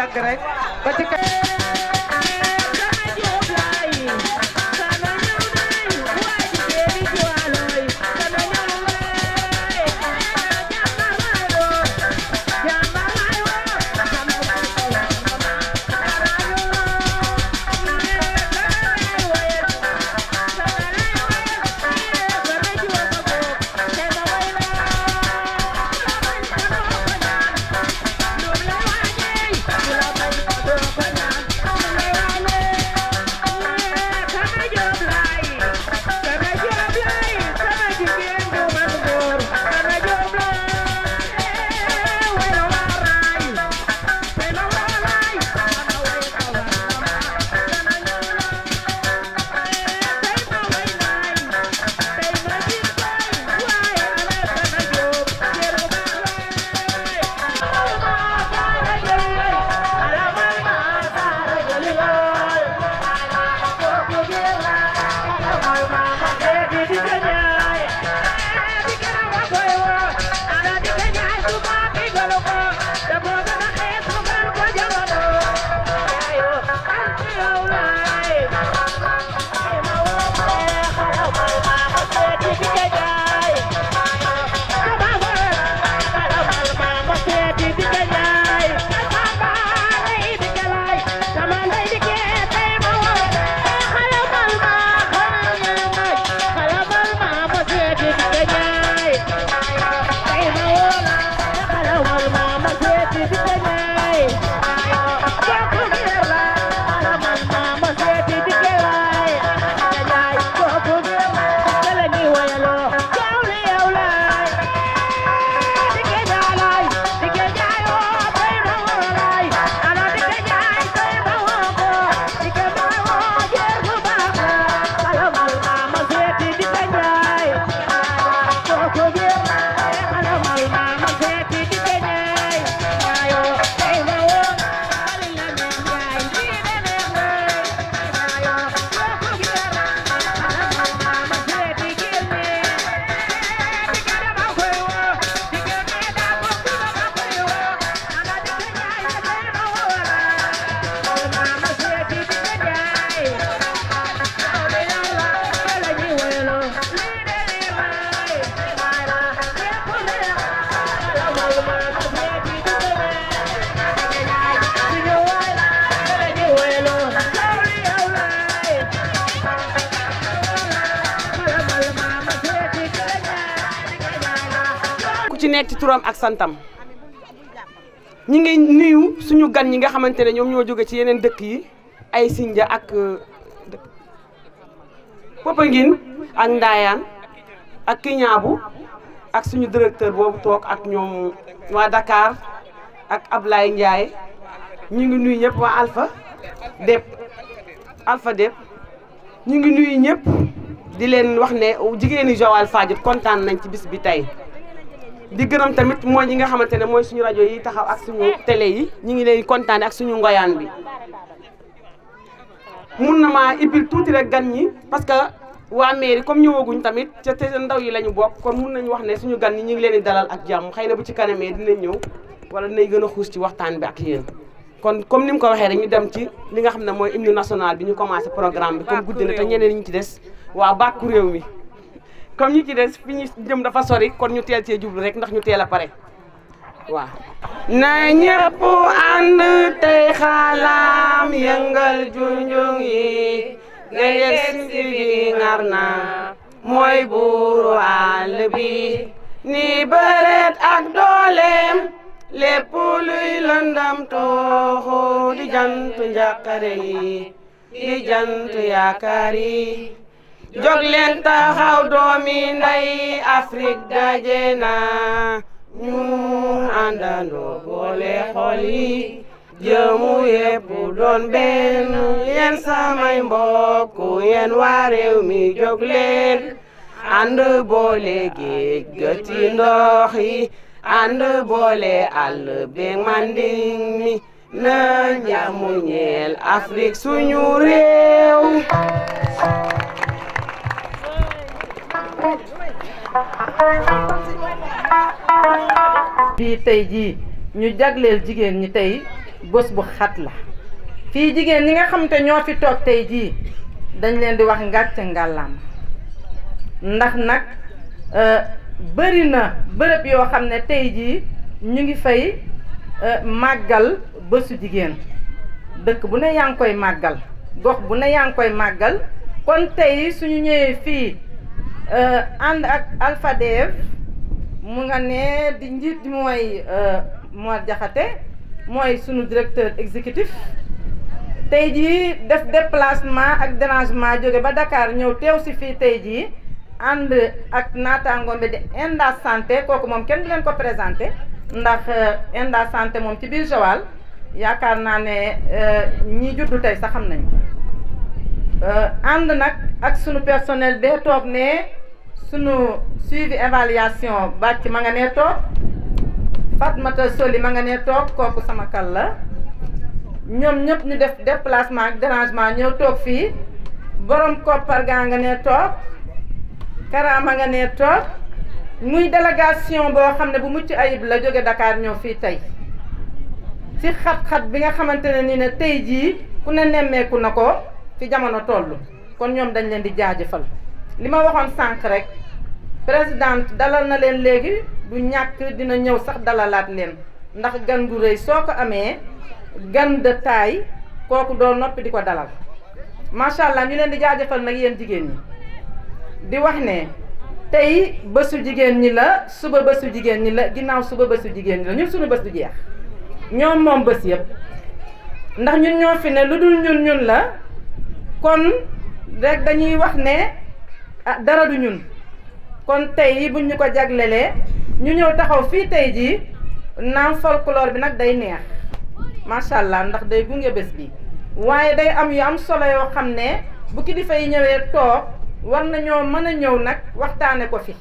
टक करे बच्चे ci nekk ci turam ak santam ñi ngi nuyu suñu gan ñi nga xamante ne ñoom ñoo jóge ci yeneen dëkk yi ay Sinja ak euh, Popenguine ak Ndayane ak Kiñaabu ak suñu directeur boobu toog ak ñoom waa Dakar ak Ablaye Ndiaye ñu ngi nuyu ñëpp waa alfa Dep Alpha ñu ngi nuyu ñëpp di leen wax ne jigéeni Joal Fadiouth kontaan nañ ci bis bi tey di gërëm tamit mooy ñi nga xamante ne mooy suñu rajo yi taxaw ak suñu télé yi ñu ngi leen kontaane ak suñu ngoyaan bi mun na maa ibbil tuuti rek gan ñi parce que waa mairie comme ñu ñëwaguñ tamit ca te ndaw yi la ñu bokk kon mun nañu wax ne suñu gan ñi ñu ngi leen di dalal ak jàmm xëy na bu ci kanamee dinañ ñëw wala dinañ gën a xuus ci waxtaan bi ak yéen kon comme ni mu ko waxee rek ñu dem ci li nga xam ne mooy hymne national bi ñu commencé programme bi guddi na te ñeneen ñi ci des waa bàkku réew mi comme ñi ci dess fi dem dafa sori kon ñu teel ci djublu rek ndax ñu teel a wa na ñepp and tey xalam yëngal junjung yi nga yëg bi ngar na mooy bi ni beret ak dolem lepp luy lëndam ho di jant njàqare yi di jant yaakaar jóg leen taxaw doomi nday Afrique daje na ñu àndandoo boole xol yi jëmu doon benn yéen samay mbokk yéen waa réew mi jóg leen ànd boole géej gëti ndox yi ànd boole àll manding mi na njàmmu ñeel Afrique suñu réew bii tay ji ñu jigen jigéen ñi tay bés bu xat la fi jigéen ñi nga xam te fi tok tay ji dañ leen di wax ngacc ngalam ndax euh bari na bërepp yo xamné ne ji ñu ngi fay euh, magal bésu jigéen dëkk bu ne yang koy magal, dox bu ne yang koy magal kon tay suñu ñëwé fi Euh, ànd ak alphadev mu nga ne di njiit di mooy euh, Mor Jaxate mooy sunu directeur exécutif tey jii def déplacement ak dérangement jóge ba Dakar ñëw teew si fii tey jii ànd ak naataangoom bi di Inda Santé kooku moom kenn du leen ko présenté ndax Inda euh, Santé moom ci biir Joal yaakaar naa ne ñii juddu tey sax xam nañu Euh, ànd nag ak sunu personnel bee toog ne sunu suivi évaluation bàcc ma nga nee toog Fatmata Soli ma nga nee toog kooku sama kal la ñoom ñëpp ñu def déplacement ak dérangement ñëw toog fii borom koppar gaa nga nee toog karaama nga nee toog muy délégation boo xam ne bu mucc ayib la jóge Dakar ñëw fii tey ci xat-xat bi nga xamante ne nii ne tey jii ku ne nemmeeku na ko fi jamono tollu kon ñom dañ leen di jaajeufal lima waxon sank rek president dalal na leen legi du ñak dina ñew sax dalalat leen ndax gan gu rëy soo ko amee gan de taille kooku doo noppi di dalal ñu leen di jaajeufal nak yeen jigéen ni di wax ne tay ni la suba bésu jigéen ni la ginnaaw suba bésu jigéen ni la ñun suñu bés jeex ñom mom bés yëpp ndax ñun ñoo ne ñun ñun la. kon rek dañuy wax ne ah dara du ñun kon tey buñ ñu ko jaglelee ñu ñëw taxaw fii tey jii naam folklore bi nag day neex macha allah ndax day gunge bés bi waaye day am yu am solo yoo xam ne bu kilifa yi ñëwee toog war nañoo mën a ñëw nag waxtaane ko fi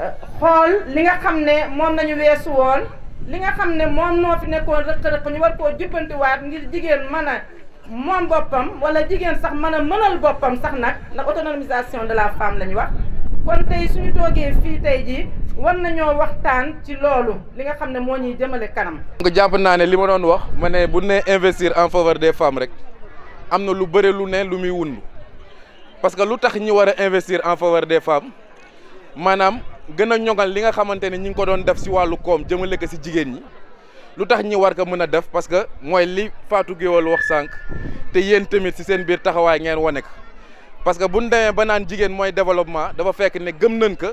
eh, xool li nga xam ne moom nañu weesu woon li nga xam ne moom moo fi nekkoon rëq-rëq ñu war koo jubbantiwaat ngir jigéen mën a moom bopam wala jigen sax mën meunal bopam sax nak ndax autonomisation de la femme lañ wax kon tay suñu toogee fi tay ji war nañu waxtaan ci loolu li nga xamné ne moo ñuy kanam. nga jàpp naa ne li ma doon wax mané bu né investir en faveur des femmes rek amna lu bëré lu né lu muy wund parce que lu tax ñi wara investir en faveur des femmes manam gëna ñogal li nga xamanté ni ñi ko doon def ci walu koom jëmele ko ci jigen ñi. lu tax ñi war ko mën a def parce que mooy li faatu Guewel wax sànq te yéen tamit si seen biir taxawaay ngeen wane ko parce que bu ñu demee ba naan jigéen mooy développement dafa fekk ne gëm nañ ko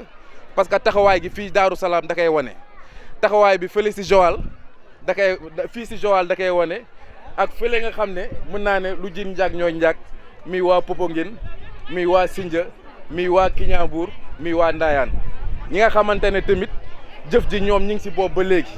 parce que taxawaay gi fii Daaru Salaam da koy wane taxawaay bi fële si Joal da koy fii si Joal da koy wane ak fële nga xam ne mën naa ne lu jin njaag ñooy njaag mi waa Popenguine mi waa sinja mi waa Kignanbour mi waa ndaayaan ñi nga xamante ne tamit jëf ji ñoom ñi ngi si boobu ba léegi.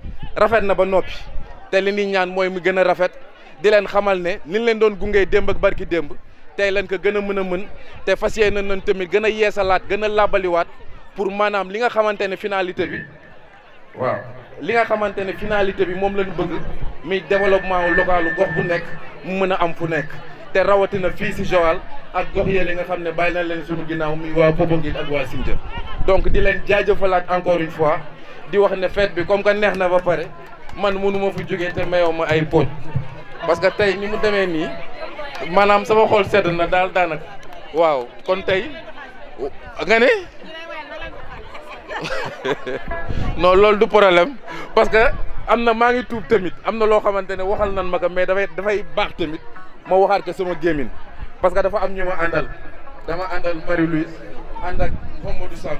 rafet na ba nopi té li ni ñaan moy mu gëna rafet di leen xamal ne ni leen doon gungé demb ak barki démb tey leen ko gëna mëna mën té mën te fas nañ tamit gëna a gëna labali a pour manam li nga xamanté né finalité bi waaw li nga xamanté né finalité bi mom lañu bëgg mi développement localu gox bu nekk mu mën am fu nekk rawati na fi ci Joal ak gox li nga xamné ne bàyyi leen suñu mi wa waa Popenguine ak wa Sindia donc di leen encore une fois di wax ne fête bi comme que neex na ba pare man mënu ma fi jógee te mayoo ma ay pooj parce que tey ni mu demee nii maanaam sama xool sedd na daal daanaka waaw kon tey nga ne non loolu du problème parce que am na maa ngi tuub tamit am na loo xamante ne waxal nan ma ko mais dafay dafay baax tamit ma waxaat ko sama gémmiñ parce que dafa am ñu ma àndal dama àndal Marie-Louise ànd ak Mamadou Samb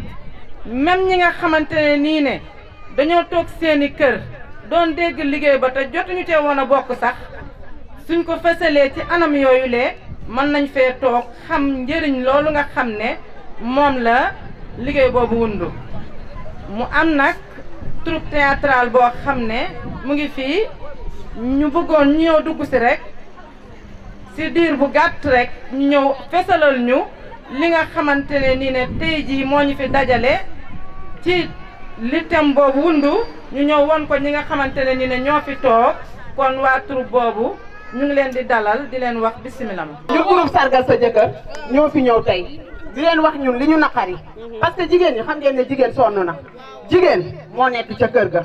même ñi nga xamante ne nii ne dañoo toog seeni kër doon dégg liggéey ba te jotuñu cee woon a bokk sax suñ ko fësalee ci anam yooyu lee mën nañ fee toog xam njëriñ loolu nga xam ne moom la liggéey boobu wundu mu am nag troupe théâtrale boo xam ne mu ngi fii ñu bëggoon ñu ñëw dugg si rekk si diir bu gàtt rekk ñu ñëw fesalal ñu li nga xamante ne nii ne tey jii moo ñu fi dajale ci li tem boobu wundu ñu ñëw won ko ñi nga xamante ne nii ne ñoo fi toog kon waa troupe boobu ñu ngi leen di dalal di leen wax bisimilah. ñu groupe sargal sa jëkkër ñoo fi ñëw tey di leen wax ñun li ñu naqari parce que jigéen ñi xam ngeen ne jigéen sonn na jigéen moo nekk ca kër ga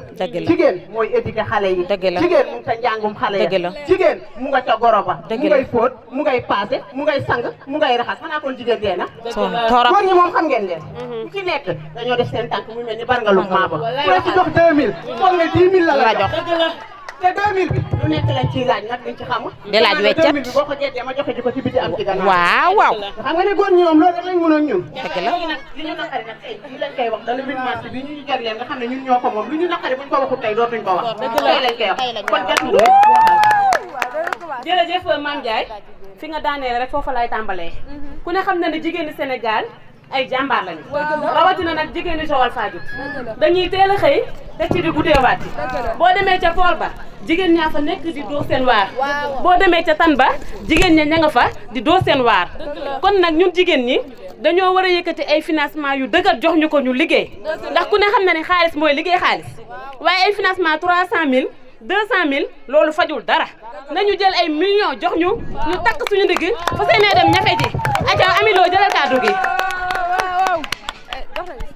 jigéen mooy éduquer xale yi jigéen mu ngi ca njàngum xale ya jigéen mu nga ca goro ba mu ngay fóot mu ngay paase mu ngay sang mu ngay raxas xanaa kon jigéen dee na góor ñi moom xam ngeen leen mhm. ci nekk dañoo def seen tànk muy mel ni bar nga lu maaba ku la ci jox 2000 foog ne 10 000 la la jox te 2000 bi lu nekk lañ ciy laaj nag liñ ci xamul. di weccat jeetee ma joxe ko ci biti am ci gannaaw. waaw waaw. xam nga ne góor ñi moom loolu rek lañ mënoon ñun. dëgg la li ñu naqari nag tey li lañ koy wax xam ne ñun ñoo ko moom lu ñu naqari buñ ko waxul tey dootuñ ko wax. dëgg la lañ koy wax kon fi nga daaneel rek foofa lay tàmbalee mm-hmm. ku ne xam ne ne jigéenu Sénégal ay jàmbaar lañu. rawatina nag jigéen ñi Joal Fadiouth dañuy teel a xëy te ci di guddee waat boo demee ca tool ba jigéen ñaa fa nekk di dóor seen waar. boo demee ca tan ba jigéen ña ña nga fa di dóor seen waar. kon nag ñun jigéen ñi dañoo war a yëkkati ay financement yu dëgër jox ñu ko ñu liggéey. ndax ku ne xam na ne xaalis mooy liggéey xaalis waaye ay financement 300000. deux cent mille loolu fajul dara nañu jël ay millions jox ñu ñu takk suñu ndigg fa seenee dem ñafe ji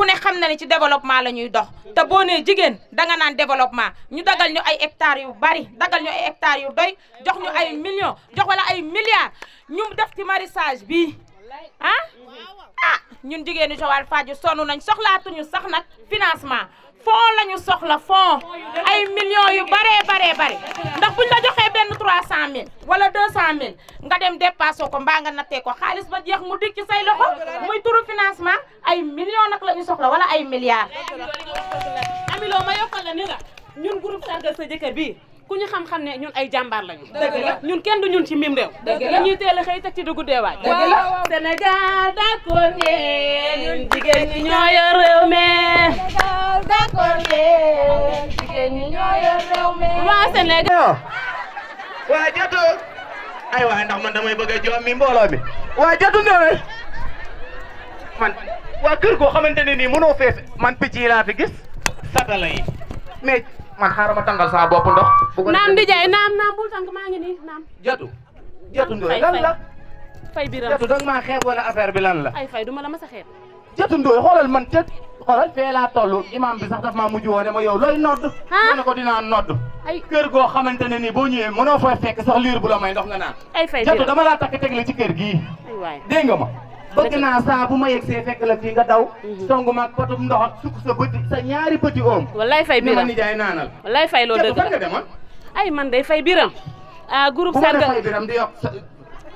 ku ne ni na ne ci développement la ñuy dox te boo nee jigéen danga naan développement ñu dagal ñu ay hectare yu bari dagal ñu ay hectare yu doy jox ñu ay million. jox wala ay milliards ñu def ci maraîchage bi ah ah ñun jigéenu Joal Fadiouth sonn nañ soxlaatuñu sax nag financement fond lañu soxla fond ay millions yu baree baree bare ndax buñ la joxee benn trois cent mille wala deux cent mille nga dem dépassé ko mbaa nga nattee ko xaalis ba jeex mu dikk ci say loxo muy turu financement ay millions nag la ñu soxla wala ay milliar amiloo ma yokkal ni la ñun groupe sargal sa jëkkër bii kuñu xam-xam ne ñun ay jàmbaar lañu ñun kenn du ñun ci mim réew dañuy teel a xëy teg ci dugg deewaaj Sénégal d'accord ne ñun jigéen ñi ñoo yor réew mi d'accord ne jigéen ñi ñoo yor réew mi waa Sénégal waa jatu ay waay ndax man damay bëgg a joom mi mbooloo mi waa jatu ndewe man waa kër goo xamante ne nii mënoo fees man picc yi laa fi gis satala yi mais man harama ma sa bop ndox. nam di jay nam nam bul tànk ma ngi ni nam jatu jatu ndoy lan la. fay bi ram jatu danga ma xeeb wala affaire bi lan la. ay fay duma la mas a xeeb. jatu ndoy xolal man te xolal fe la tollu imam bi sax daf ma muju woo ma yow loy nodd. ma ne ko dinaa nodd. ay keur go xamantene ni bo ñewé mëno mënoo fay fekk sax lire bu la may ndox nga nan ay fay jatu dama la tak takk li ci keur gi ay way dégg nga ma. bëgg naa saa bu ma see fekk la fii nga daw. Mhm. songu maag potum ndox sukk sa bëti sa ñaari bëti oom. wallaay fay biram ni ma nijaay naanal. wallaay fay loolu dëgg la nga demoon. ay man day fay biram. ah groupe sargal bu fay biram yokk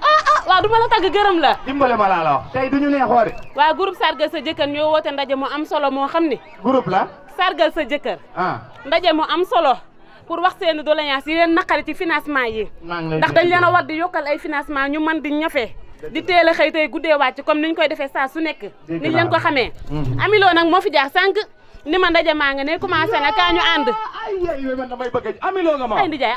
ah ah waaw du ma la tàgg gërëm la. ma laa la wax tey du ñu ne xoori. waa groupe sargal sa jëkkër ñoo woote ndaje mu am solo moo xam ni. groupe la. sargal sa jëkkër. ah ndaje mu am solo. pour wax seen doléance yi leen naqari ci financement yi. ndax dañ leen a war di yokkal ay financement ñu man di ñafe di teel a xëy tey guddee wàcc comme niñ koy defee saa su nekk niñ leen ko xamee mhm. amiloo nag moo fi jaar sànq ni ma ndaje maa nga ne commencé na kaa ñu ànd ay ay man damay bëgg amiloo nga ma ay ndijaay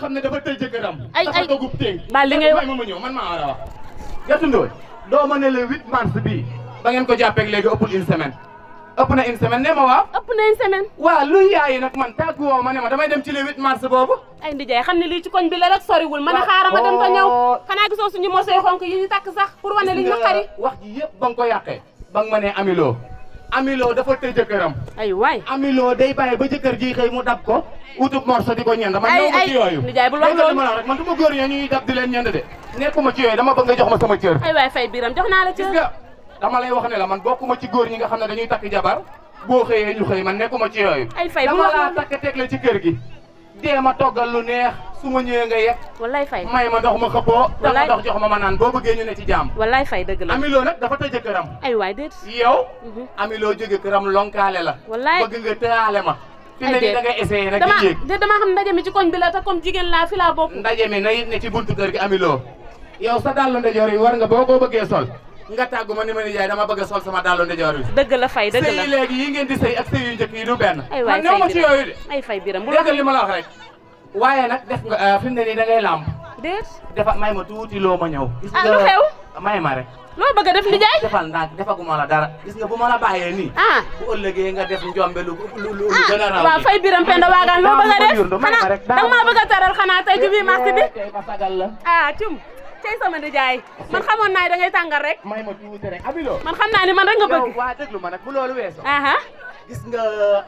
xam ne dafa tëj jëkkëram ay ay dogub téeg ba li ngay wax ma ñëw man maa war a wax Yatou Ndoye ma ne le 8 mars bii ba ngeen ko jàppeeg léegi ëppul une semaine ëpp na une nee ma waaw. ëpp na une semaine. waaw luy yaayi nag man tàggu woo ma ne ma damay dem ci le 8 boobu. ay ndijaay xam ne lii ci koñ bi la rek soriwul. man a xaaral ma dem ba ñëw. xanaa gisoo suñu mosee xonk yi ñu takk sax pour wane liñ ma xari. wax ji yëpp ba ko yàqee. ba ma ne amiloo. amiloo dafa tëj jëkkëram. ay waay amiloo day bàyyi ba jëkkër ji xëy mu dab ko. utub morso di ko ñeent ma la ma ci yooyu dama bëgg nga ma sama cër. ay dama lay wax ne la man bokkuma ci góor ñi nga xam ne dañuy takk jabar boo xëyee ñu xëy man nekkuma ci yooyu. ay fay dama laa takk teg kër gi. ma toggal lu neex su ma ñëwee nga yegg. fay may ma ndox ma xëppoo. wallaay ndox jox ma ma naan boo bëggee ñu ne ci jàmm. wallaay fay dëgg la amiloo nag dafa tëj këram. ay waay déet. yow. Mhm. amiloo jóge këram lonkaale la. wallaay bëgg nga tëraale ma. ay déet da nga essayé rek di yéeg dama xam ndaje mi ci koñ bi la te comme jigéen laa fi laa bokk. ndaje mi na it ne ci buntu kër gi amiloo yow sa dàll ndajoor yi war nga boo ko bëggee sol nga tàggu ma ni ma ni yaay dama bëgg sol sama dalu ndijoor bi dëgg la fay dëgg la sey legi yi ngeen di sey ak sey yu jëk yi du ben man ñoo ma ci yoyu de ay fay biram bu la li ma la wax rek waye nak def nga euh, fi ne ni da ngay làmb def dafa may ma tuuti lo ma ñew gis ah, nga lu xew may ma rek lo bëgg def li jaay defal ndànk defaguma la dara gis nga bu ma la baye ni ah. bu ëllëgé nga def njombe lu lu lu ah, gën raw waaw fay biram penda waagan lo bëgg def xana dama bëgg taral xana tay ci biir marché bi ah cum tey sama nijaay man xamoon naa da ngay rek may ma tuuti rek abilo man xam naa ni man rek nga bëgg waa déglu ma nag bu lool weesoo aha gis nga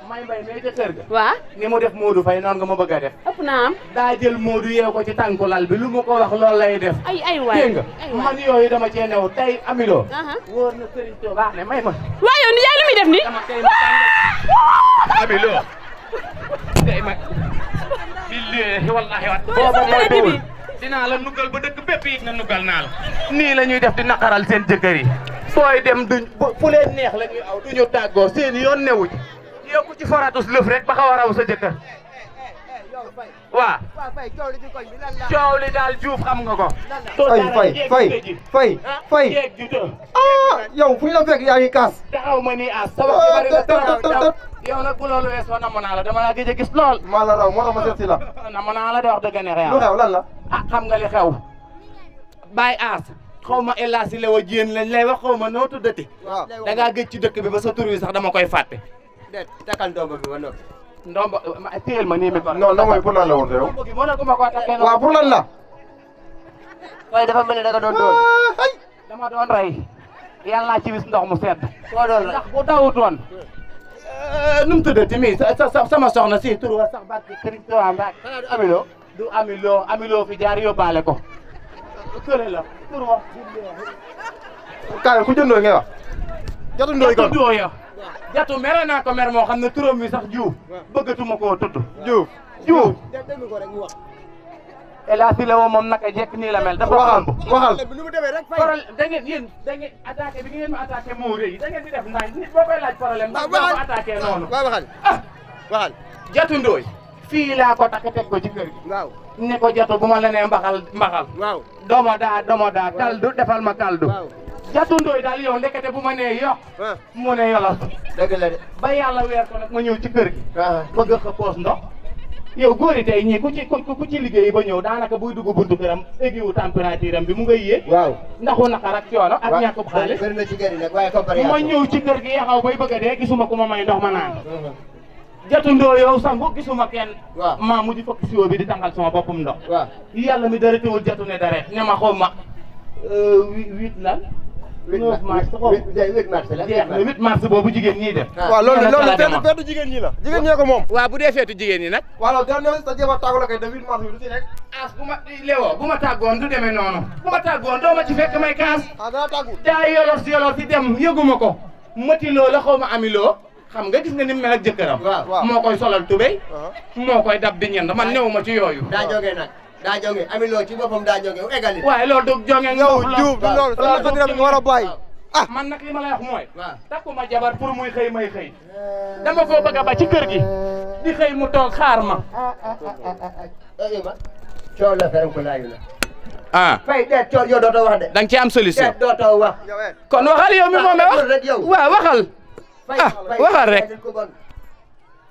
may mbay may ca kër ga waa ni mu def Modou Faye noonu nga ma bëgg a def ëpp naa am daa jël yeew ko ci tànku lal bi lu mu ko wax loolu lay def ay ay waay dégg nga man yooyu ma waa yow lu muy def ni abilo tey ma billahi wallahi dinaa la nugal ba dëkk bépp yi nga nugal naa la nii la ñuy def di naqaral seen jëkkër yi fooy dem duñ fu leen neex la ñuy aw duñu tàggoo seen yoon newu ci yow ku ci faratus lëf rek ba xaw raw sa jëkkër waaw coow li daal Diouf xam nga ko. fay fay fay fay fay ah yow fu ñu la fekk yaa ngi kaas. taxaw ma nii as. Ah, ah, yow nag bu loolu weesoo namm naa la dama laa gëj a gis lool. maa la raw moo tax ma seet si la. namm naa la de wax dëgg ne xew. lu xew lan la. ah xam nga li xew. bàyyi aas. xaw ma i Hadj Lewa Diène lañ lay wax xaw ma noo tuddati. waaw ah. da ngaa ci dëkk bi ba sa tur wi sax dama koy fàtte. déet takkal doom bi ba noppi. ndombo téel ma nii mi ko. non ndombo yi pour lan la woon yow. waaw pour lan la. waaye dafa mel ni da nga doon doon. Ah, dama doon rey. yàlla naa ci bis ndox mu sedd. koo doon rey ndax bu dawutoon. Eh, nu mu mi sama soxna si tur wa sax ko. kële la tur ku jëndoo ngay wax. jotundoo yi ya. jatu mere naa ko mer moo xam ne turam bi sax Diouf bëggatuma koo tudd Diouf Diouf Ela si la woo moom naka jekk nii la mel dafa waxal waxal problème da ngeen yéen da ngeen bi ngeen ma attaqué moo rëy da ngeen di def ndànk nit boo koy laaj problème ndax boo ko attaqué noonu waaw waxal ah waxal jatu ndooy fii laa ko takk teg ko ci kër gi waaw ko jatu bu ma la nee mbaxal mbaxal waaw domo daa domo daa kaldu defal ma kaldu jatu ndooy daal yow ndekete bu ma nee yokk ah. mu ne yolas dëgg ba yàlla weer ko nag ma ñëw ci kër gi ah. bëgg a poos ndox yow góor yi tey ñii ku ci ku ci liggéey ba ñëw daanaka buy dugg buntu këram égiwu température am bi mu ngay yéeg waaw ndaxu naqar ak coono ak ñàkk bu xaalis ma ñëw ci kër gi yaxaw bay bëgg a dee gisuma ku ma may ndox ma naan uh-huh. jatundoo yow sangu gisuma kenn maa mujj fokk siwo bi di tàngal sama boppam ndox yàlla mi dara teewul jatu ne dara ne ma ma huit uh, lan 9 mars boobu 8 mars ñi def waaw loolu loolu feetu jigéen ñi la jigéen ñee ko moom waaw bu dee feetu jigéen ñi nag loolu dernier sa jéem a tàggu la kay de 8 mars bi du fi as bu ma léewoo bu ma tàggoon du demee noonu bu ma tàggoon doo ma ci fekk may kaas ah, daa tàggu daa yolos dem yëguma ko mati loo la xaw ma ami loo xam nga gis nga ni mu mel ak jëkkëram moo koy solal tubéy uh-huh. moo koy dab di man néew ma ci yooyu daa jógee daa jonge Ami Lo ci boppam daa jonge égali waaye loolu du jonge yow Diouf du loolu sa naqari la nga war a bàyyi ah man nag li ma lay wax mooy takkuma jabar pour muy xëy may xëy dama koo bëgg a ba ci kër gi di xëy mu toog xaar ma coow la feram ko laayu la ah fay deet coow yow dootoo wax de da nga ci am solution deet dootoo wax kon waxal yow mi moom wax waaw waxal ah waxal rek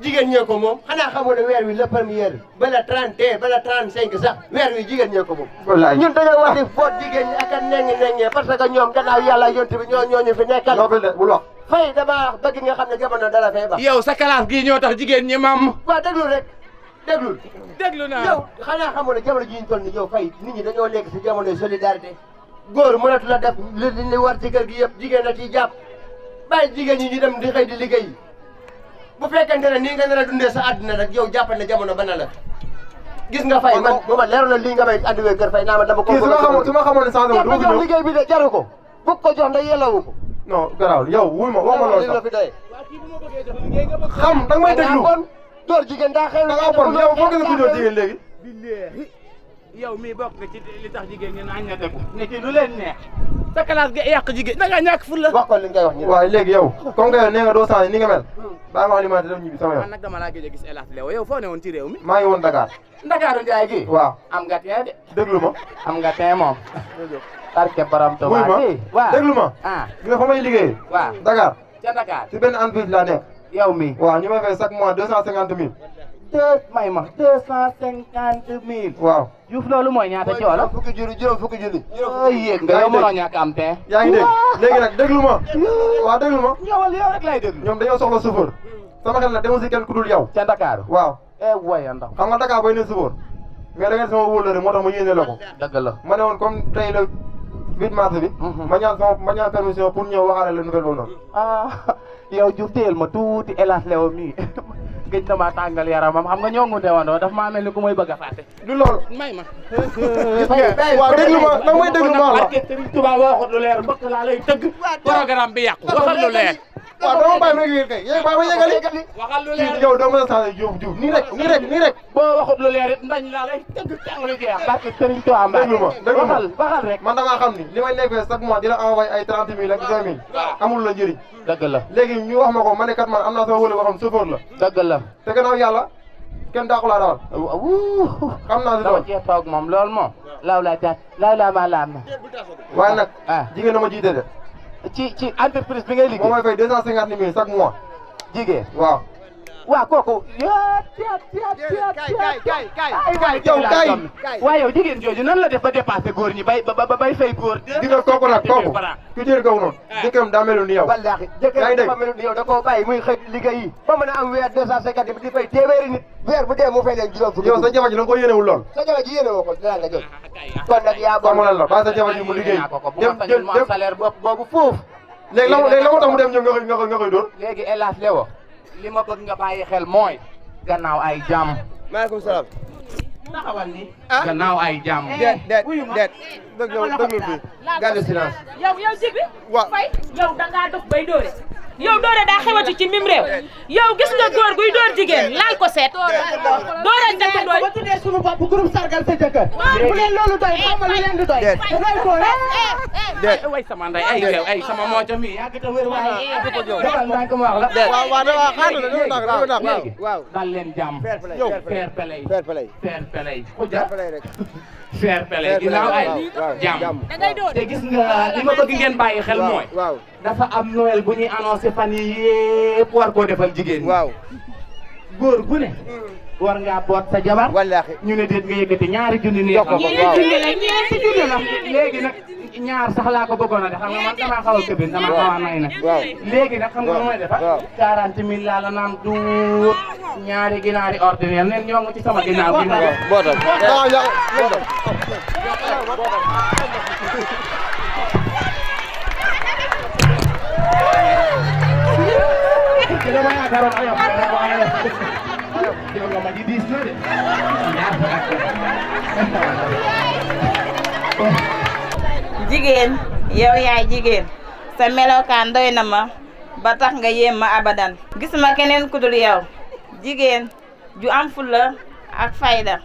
jigéen ñee ko moom xanaa xamoo ne weer wi le premier bala trente bala trente cinq sax weer wi jigéen ñee ko moom ñun dañoo wax di boot jigéen ñi ak a neng nengee parce que ñoom gannaaw yàlla yonte bi ñoo ñooñu fi nekkal bul wax fay dama bëgg nga xam ne jamono dara fay ba yow sa classe gii ñoo tax jigéen ñi mam waaw déglu rek déglu déglu naa yow xanaa xamoo ne jamono ji ñu toll ni yow fay nit ñi dañoo nekk si jamono solidarité góor mënatu la def li li war ci gi yëpp jigéen la ciy jàpp bàyyi jigéen di liggéey bu fekkente ne nii nga nar a dundee sa àddina rek yow jàppal ne jamono ba la gis nga fay man bu ma leeroon na lii nga may addiwee kër fay naa ma dama ko su ma xamoon su ma xamoon sànq du ma jox liggéey bi ko bu ko jox ndax yellawu ko non garaaw yow wuy ma wax ma loolu sax xam danga may déglu door jigéen daa xew danga bon yow foo gën a guddoo jigéen léegi yow bokk nga ci li tax jigéen ñi naan ñeteku ne ci lu leen neex sa classe ga yàq jigéen da ngaa ñàkk ful la. wax ko li nga wax ñu waaye léegi yow nee nga doo sànni ni nga hmm. baa nga wax li ma dem ñibbi sama yow nag dama laa gëj a gis El Hadj Lewo foo ne woon ci réew mi maa ngi woon Dakar Ndakaaru Njaay gi waaw am nga tee de déglu ma am nga tee moom barke borom Tuubaa ah. ca Dakar ci benn entreprise laa nekk yow mi waaw ñu may fay chaque mois deux cent cinquante mille deux may ma deux cent cinquante mille. waaw Diouf loolu mooy ñaata ci wala. fukki junni juróom fukki junni. yéeg nga yow mënoo ñàkk te. yaa ngi dégg léegi nag déglu ma. waaw déglu ma. ñëwal yow rek lay déglu. ñoom dañoo soxla chauffeur. Hmm. sama xel nag demoo si kenn ku dul yow. ca Dakar waaw. eh woya ndax. xam nga Dakar bay ne chauffeur. mais moo ma yéene la dëgg la ma ne woon comme tey la. huit mars bi mhm. ma ñaan sama ma ñaan permission pour ñëw waxaale la nouvelle boobu noonu ah yow Diouf téyel ma tuuti hélas lewo mi gëj na maa tàngal yaramam xam nga ñoo ngi dewandoo daf maa mel ni ku may bëgg a fàtte. du loolu may ma. waaw déglu ma nag mooy déglu ma waaw. tubaab waxut lu leer mbokk laa lay tëgg. programme bi yàqu waxal lu leer. waaw dama bàyyi rek yéen kay yéen bàyyi ma yeggali waxal lu leer yow dama saa Diouf Diouf nii rek nii rek boo waxut lu ndañ laa lay tëgg tàngalu jeex parce que sëriñ Tuubaa Mbàkke waxal waxal rek man damaa xam ni li may nekk chaque mois di la envoyé ay trente mille ak vingt amul la njëriñ dëgg la léegi ñu wax ma ko ma ne kat man am naa sama wóolu boo xam chauffeur la dëgg la te gannaaw yàlla kenn daaku laa dawal xam naa si dawal cee toog moom loolu moom laaw laa jaat laaw laa maa laam na waaye nag ah. jigéen na ma jiite ci ci entreprise bi ngay liggéey. moom mooy fay deux cent cinquante mille chaque mois. waaw. waa kooku yéen teet teet teet teet aywaay yow kay waaye yow jigéen jooju nan la def ba dépassé góor ñi bay ba bay fay góor. di nga kooku nag kooku ku jël kaw noonu. jëkkëram daa melul ni yow. wallaahi jëkkëram daa melul ni yow da koo bàyyi muy xëy liggéeyi ba mën a am weer deux cent cinquante di fay téeméeri nit weer bu dee mu fay leen juróom fukki yow sa jabar ji da nga ko yéenewul lool. sa jabar ji yéenewoo ko dinaa nga jël kon nag yaa boobu la ba sa jabar ji mu liggéey dem jël salaire boobu foofu léegi la mu tax mu dem ñoom nga koy nga koy dóor léegi hélas lewo li ma bëgg nga bàyyi xel mooy gannaaw ay jàmm. maaleykum salaam. taxawal ni. Ah. ay jàmm. Eh, déet déet déet. dëgg la dëgg la yow yow Jibi. yow da ngaa bay dóore. yow doore daa xewati ci mim yow gis nga góor guy door jigéen laal ko seet doore njëkk doy ba tuddee suñu bopp groupe sargal sa jëkkër bu ma lu leen di doy doy ko rek eh? way eh, eh, sama nday ay xew ay sama moo jami yàgg ta wér wax waaw dal leen jàmm fair play fair fair play ginnaaw ay jàmm te gis nga li ma bëgg ngeen bàyyi xel mooy dafa am Noël bu ñuy annoncé fan yi yëpp war koo defal jigéen waaw góor gu ne mm. war ngaa sa jabar ñu ne déet nga yëkkati ñaari junni ne ñeenti junni la léegi nag ñaar sax laa ko def xam nga man xaw dama xaw xam nga la ñaari ginaari ordinaire neen ñoo ci sama iya, bi jigéen yow yaay jigéen sa melokaan doy na ma ba tax nga yéem ma abadan gis ma keneen ku dul yow jigéen ju am fulla ak fayda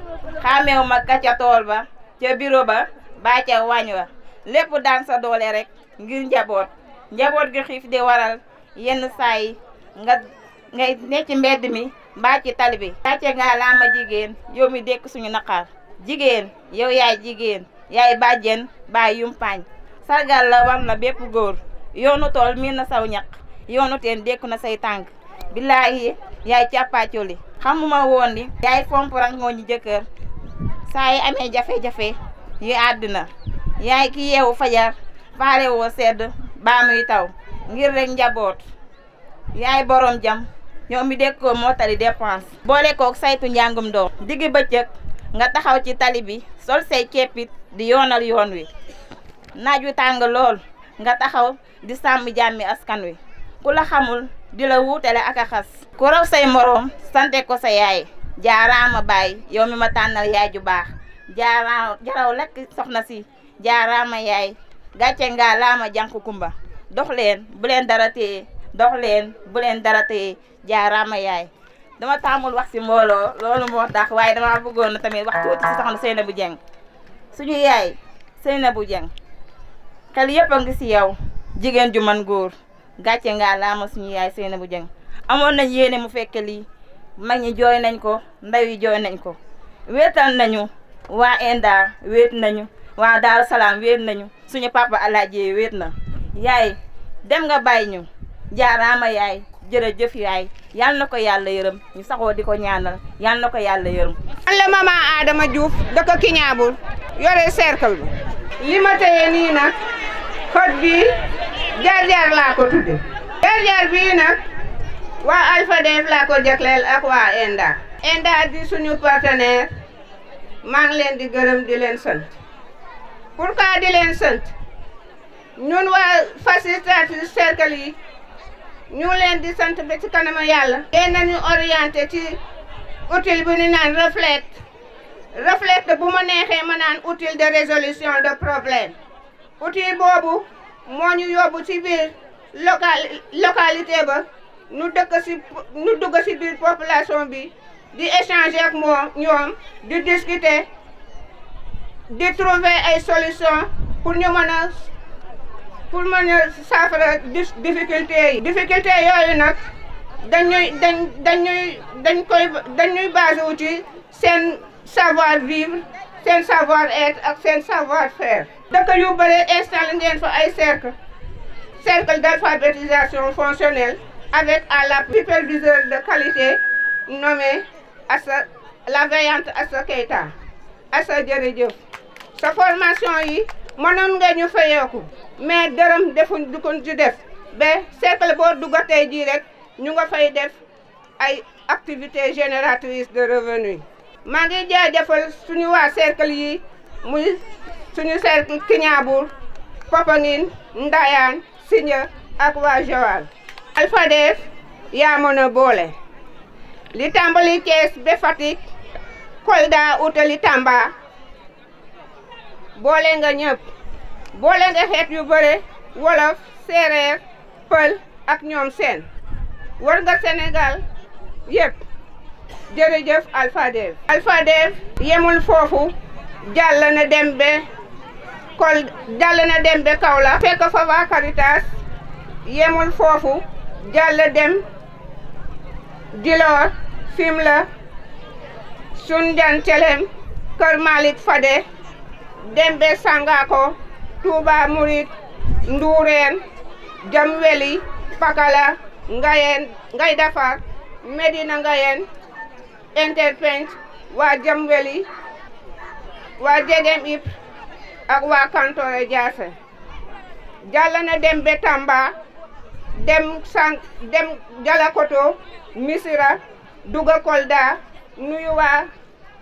xàmmeewu ma ka ca tool ba ca biro ba ba ca wàññ wa lépp daan sa doole rekk ngir njaboot njaboot gi xiif di waral yenn saa yi nga ngay ne mbedd mi mbaa ci tali bi. gàcce nga laa ma jigéen yow mi dékk suñu naqar jigéen yow yaay jigéen yaay bàjjen baay yumpaañ sargal la war na bépp góor yoonu tool miin saw ñaq yoonu teen dékku na say tànk billaahi yaay càppaacoli xamuma woon ni yaay fomp rangoo ñi jëkkër saa yi amee jafe-jafe yi àddina yaay ki yeewu fajar faale woo sedd baa muy taw ngir rek njaboot yaay boroom jam ñoom mi dékkoo moo tali dépense boole kook saytu njàngum doom digg bëccëg nga taxaw ci tali bi sol say ceppit di yoonal yoon wi naaj wi tàng lool nga taxaw di sàmm jàmmi askan wi ku la xamul di la wuutale ak a xas ku raw say moroom sante ko sa yaay jaaraama baay yow mi ma tànnal yaay ju baax jaaraama jaraw lekk soxna si jaaraama yaay gàcce nga laama jànq kumba dox leen bu leen dara téye dox leen bu leen dara téye jaaraama yaay dama tàmmul wax si mbooloo loolu moo tax waaye dama bëggoon na tamit wax tuuti si soxna Seynabou Dieng suñu yaay bu Dieng xel yépp a ngi ci yow jigéen ju man góor gàcce ngaa laama suñu yaay bu jëng amoon nañ yéene mu fekke lii mag ñi jooy nañ ko ndaw yi jooy nañ ko wéetal nañu waa Enda wéet nañu waa Daaru Salaam wéet nañu suñu papa Alaaji wéet na yaay dem nga bàyyi ñu jaaraama yaay jërëjëf yaay yal na ko yàlla yërëm ñu saxoo di ko ñaanal yal na ko yàlla yërëm. man la maman Adama Diouf dëkk Kiñaabur yore cercle bi. li ma téye nii nag code bi jaar laa ko tudde jaar-jaar bii nag waa Alpha Dev laa ko jagleel ak waa ENDA. ENDA di suñu partenaire maa ngi leen di gërëm di leen sant pourquoi di leen sant ñun waa facilitateur cercle yi. ñu leen di sant ba ci kanama yàlla. yéen nañu orienté ci outil bu ñu naan reflet reflet bu ma neexee ma naan outil de résolution de problème outil boobu moo ñu yóbbu ci biir local localité ba nu dëkk ci dugg ci biir population bi di échanger ak ñoom di discuter di trouver ay solution pour ñu mën a. pour mën a saafara difficulté La difficulté yooyu nag dañuy dañ dañuy dañ koy dañuy savoir vivre seen savoir être ak savoir faire Donc, yu bëri installé un fa ay cercle cercle d'alphabétisation fonctionnelle avec à la superviseur de qualité nommé la veillante Assa Keita Assa Djeridjouf. sa formation est... mënoon nga ñu fayeeku mais dërëm defuñ du ko ci def ba cercle boo duggatee jii rek ñu nga fay def ay activité génératrices de revenus maa ngi jaajëfal suñu waa cercle yi muy suñu cercle Kignanbour Popenguine Ndayane Sindia ak waa Joal Alphadef yaa mën boole li tàmbali Thiès ba Fatick Kolda utali Tamba boole nga ñëpp boole nga xeet yu bare wolof séeréer pël ak ñoom seen war nga Sénégal yëpp jërëjëf Alpha Dev yemul foofu jàll na dem be kol jàll na dem be fekk fa waa Caritas yemul foofu jàll dem Djilor Fimela Sundiane Thelem Kër Malick Fadé Dembe Sangako Touba Murit Ndourène Jam Weli Pakala Ngay Dafar Medina Ngayen Interpenc waa Jam Weli waa Jegem Ip ak waa Jaase jàll na dem be dem Jalakoto Misira duga Kolda nuyu waa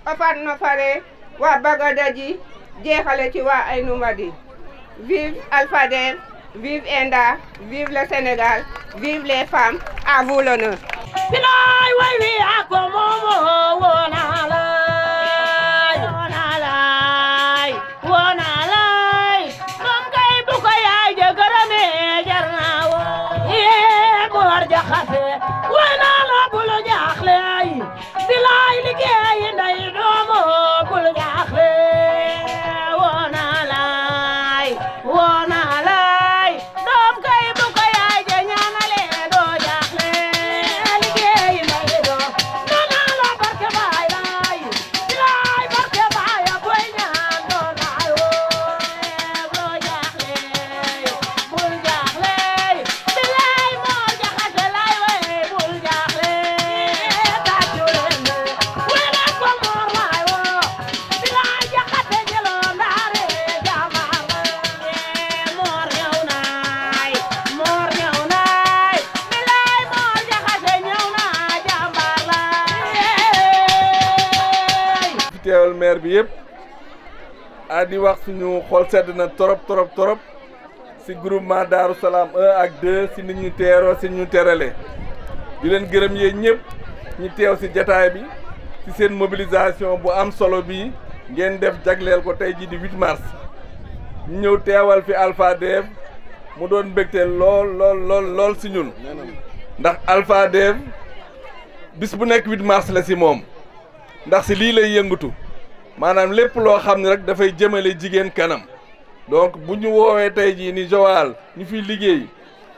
Ofat Nofare waa Bagadaji jeexale ci waa Aynou Mady vive Alphader vive Enda vive le Sénégal vive les femmes à vous l'honneur. di wax suñu xol sedd na torop torop torop si groupement daru Salam 1 ak 2 si nit ñu téro si ñu terale di len gërëm yéen ñëpp ñi téw si jotaay bi si seen mobilisation bu am solo bi ngeen def jaglél ko tay ji di 8 mars ñu ñëw teewal fi Alpha Dev mu doon mbégte lol lol lol lol si ñun ndax Alpha Dev bis bu nek 8 mars la si mom ndax si li lay yëngutu maanaam lépp loo xam ne rek dafay jëmale jigéen kanam donc bu ñu woowee tey jii ni Joal ñu fiy liggéey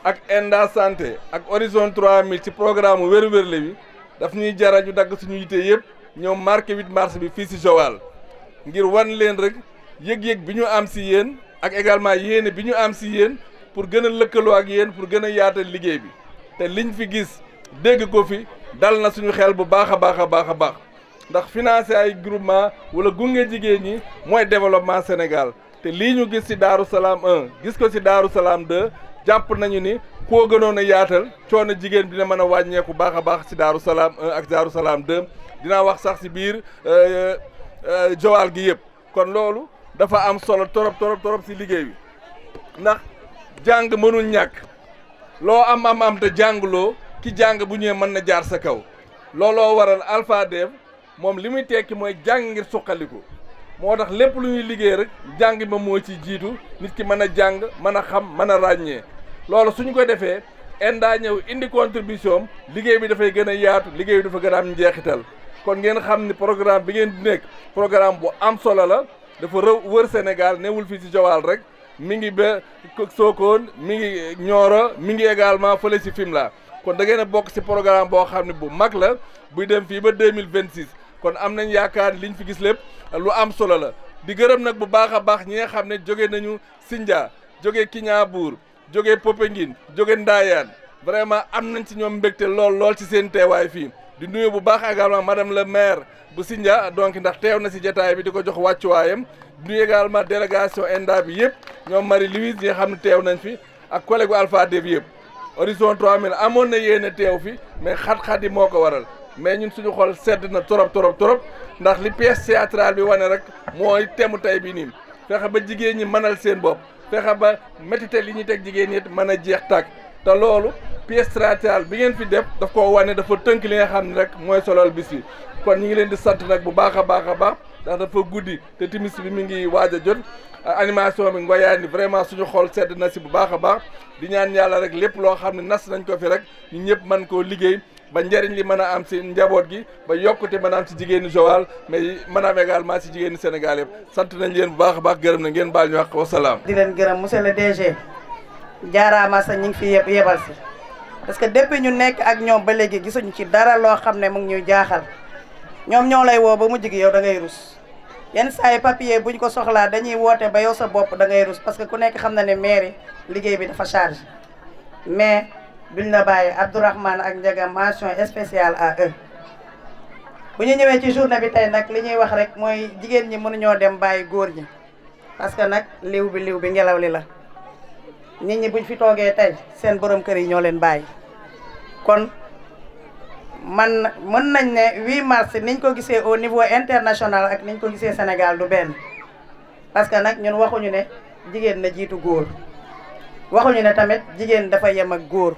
ak inda santé ak Horizon 3000 ci programme mu wér-wérle bi daf ñuy jara ñu dagg suñu yite yëpp ñoo marqué 8 mars bi fii si Joal ngir wan leen rek yëg-yëg bi ñu am si yéen ak également yéene bi ñu am si yéen pour gën a lëkkaloo ak yéen pour gën a yaatal liggéey bi te liñ fi gis dégg ko fi dal na suñu xel bu baax a baax a baax a baax. ndax financer ay groupement wala gunge jigéen ñi mooy développement Sénégal te lii ñu gis ci Daaru Salaam gis ko ci Daaru Salaam 2 jàpp nañu ni koo gënoon a yaatal coono jigéen bi dina mën a wàññeeku baax a baax ci Daaru Salaam ak Daaru Salaam 2 dinaa wax sax ci biir euh, euh, jowaal gi yëpp kon loolu dafa am solo torop torop torop ci liggéey bi ndax jàng mënul ñàkk loo am am am te jàngloo ki jàng bu ñëwee mën na jaar sa kaw looloo waral Alpha Dev moom li muy tekki mooy jàng ngir suqaliku moo tax lépp lu ñuy liggéey rek jàng ba moo ci jiitu nit ki mën a jàng mën a xam mën a ràññee loolu suñu ko defee ENDA ñëw indi contribution am liggéey bi dafay gën a yaatu liggéey bi dafa gën a am njeexital kon ngeen xam ni programme bi ngeen di nekk programme bu am solo la dafa rëw wër Sénégal newul fii ci Joal rek mi ngi ba Sokone mi ngi ñooro mi ngi également fële ci Fimela kon da ngeen a bokk ci programme boo xam ne bu mag la buy dem fii ba deux mille vingt six kon am nañ yaakaar ne liñ fi gis lépp lu am solo la di gërëm nag bu baax a baax ñi nga xam ne jóge nañu Sindia jóge Kiñaabuur jóge Popenguine jóge Ndaayaan vraiment am nañ ci ñoom mbégte lool lool ci seen teewaay fii di nuyu bu baax également madame le maire bu Sindia donc ndax teew na si jataay bi di ko jox wàccuwaayam di nuyu également délégation ENDA bi yëpp ñoom Marie-Louise yi nga xam ne teew nañ fi ak collègue Alpha Dev yëpp Horizon 3000 amoon na yéen a teew fi mais xat yi moo ko waral mais ñun suñu xol sedd na trop trop trop ndax li pièce théâtrale bi wane rek mooy temu tey bi nii fexe ba jigéen ñi mënal seen bopp fexe ba métite li ñuy teg jigéen ñi it mën a jeex tàkk te loolu pièce théâtrale bi ngeen fi def daf koo wane dafa tënk li nga xam ne rek mooy solol bis bi kon ñu ngi leen di sant nag bu baax a baax a baax ndax dafa guddi te timis bi mi ngi waaj a jot animation bi ngoyaan ni vraiment suñu xol sedd na si bu baax a baax di ñaan yàlla rek lépp loo xam ne nas nañ ko fi rek ñëpp mën koo liggéey ba njëriñ li mën a am si njaboot gi ba yokkute mën a am si jigéenu Joal mais mën a am également si jigéenu Sénégal yëpp sant nañ leen bu baax a baax gërëm na ngeen baal ñu wax wasalaam. di leen gërëm monsieur le DG jaaraama sa ñu ngi fi yeb yebal si parce que depuis ñu nekk ak ñoom ba léegi gisuñu ci dara loo xam ne mu ngi ñuy jaaxal ñoom ñoo lay woo ba mu jig yow da ngay rus yenn saa yi papier buñ ko soxlaa dañuy woote ba yow sa bopp da ngay rus parce que ku nekk xam na ne mairie liggéey bi dafa chargé mais. duñ la bàyyi Abdourahmane ak Ndiaga mention spéciale à eux bu ñu ñëwee ci journée bi tey nag li ñuy wax rek mooy jigéen ñi mënuñoo dem bàyyi góor ñi parce que nag liw bi liw bi ngelaw li la nit ñi buñ fi toogee tey seen borom kër yi ñoo leen bàyyi kon man mën nañ ne 8 mars niñ ko gisee au niveau international ak niñ ko gisee Sénégal du benn parce que nag ñun waxuñu ne jigéen na jiitu góor waxuñu ne tamit jigéen dafa yem ak góor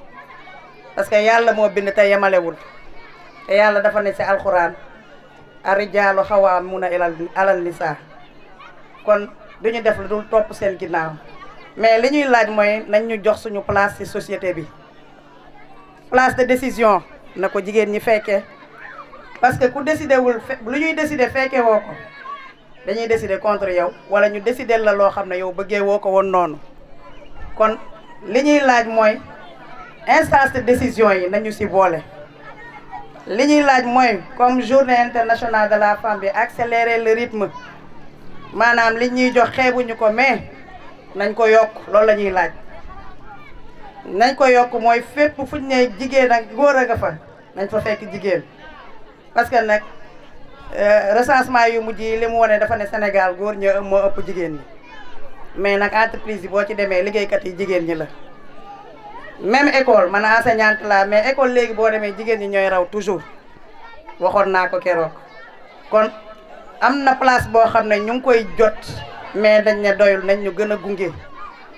parce que yàlla moo bind te yemalewul te yàlla dafa ne ci alxuraan arijaalu xawaamuuna alal nisaa kon du ñu def lu dul topp seen ginnaaw mais li ñuy laaj mooy nañ ñu jox suñu place ci société bi place de décision na ko jigéen ñi fekkee parce que ku décidé wul lu ñuy décidé fekkee woo ko dañuy décidé contre yow wala ñu décidé la loo xam ne yow bëggee woo ko woon noonu kon li ñuy laaj mooy. instance de décision yi nañu ci volé liñuy laaj moy comme journée internationale de la femme bi accélérer le rythme manam liñuy jox xébuñu ko mais nañ ko yok lolou lañuy laaj nañ ko yok moy fépp fuñ né ne jigéen ak góor nga fa nañ fa fekk jigéen parce que nag euh, recensement yu mujj limu woné dafa né Sénégal góor ñoo moo ëpp jigéen ñi mais nak entreprise bo boo ci demee liggéeykat yi jigéen ñi la même école man enseignante la mais école léegi boo demee jigéen ñi ñooy raw toujours waxoon naa ko keroog kon am na place boo xam ne ñu ngi koy jot mais dañ ne doyul nañ ñu gën a gunge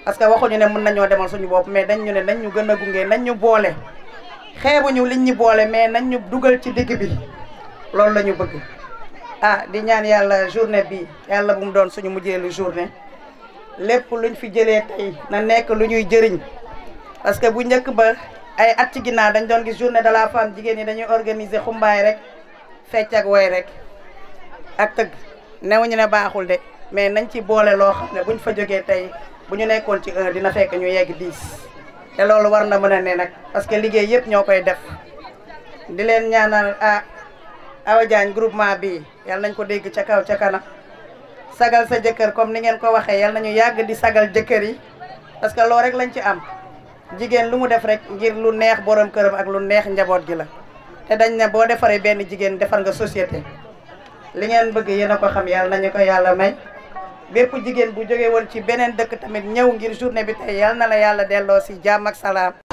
parce que waxuñu ne mun nañoo demal suñu bopp mais dañu ne nañ gën a gunge nañ ñu boole xeebuñu liñ ñu boole mais nañ ñu dugal ci digg bi loolu lañu ñu bëgg ah di ñaan yàlla journée bi yàlla bu mu doon suñu mujjeelu journée lépp luñ fi jëlee tey na nekk lu ñuy jëriñ parce que bu ñëk ba ay at ci ginaa dañ doon gis journée de la femme jigéen yi dañuy organiser xumbaay rek fecc ak woy rek ak tëgg newuñu ne baaxul de mais nañ ci boole loo xam ne buñ fa jógee tey bu ñu nekkoon ci heure dina fekk ñu yegg diis te loolu war na mën a ne nag parce que liggéey yëpp ñoo koy def di leen ñaanal a Awa Diagne groupement bi yàlla nañ ko dégg ca kaw ca kanam sagal sa jëkkër comme ni ngeen ko waxee yàlla nañu yàgg di sagal jëkkër yi parce que loo rek lañ ci am jigéen lu mu def rek ngir lu neex borom këram ak lu neex njaboot gi la te dañ ne boo defaree benn jigéen defar nga société li ngeen bëgg yéen a ko xam yàlla nañu ko yàlla may bépp jigéen bu jóge ci beneen dëkk tamit ñëw ngir journée bi tey yàlla na la yàlla delloo si jàmm ak salaam.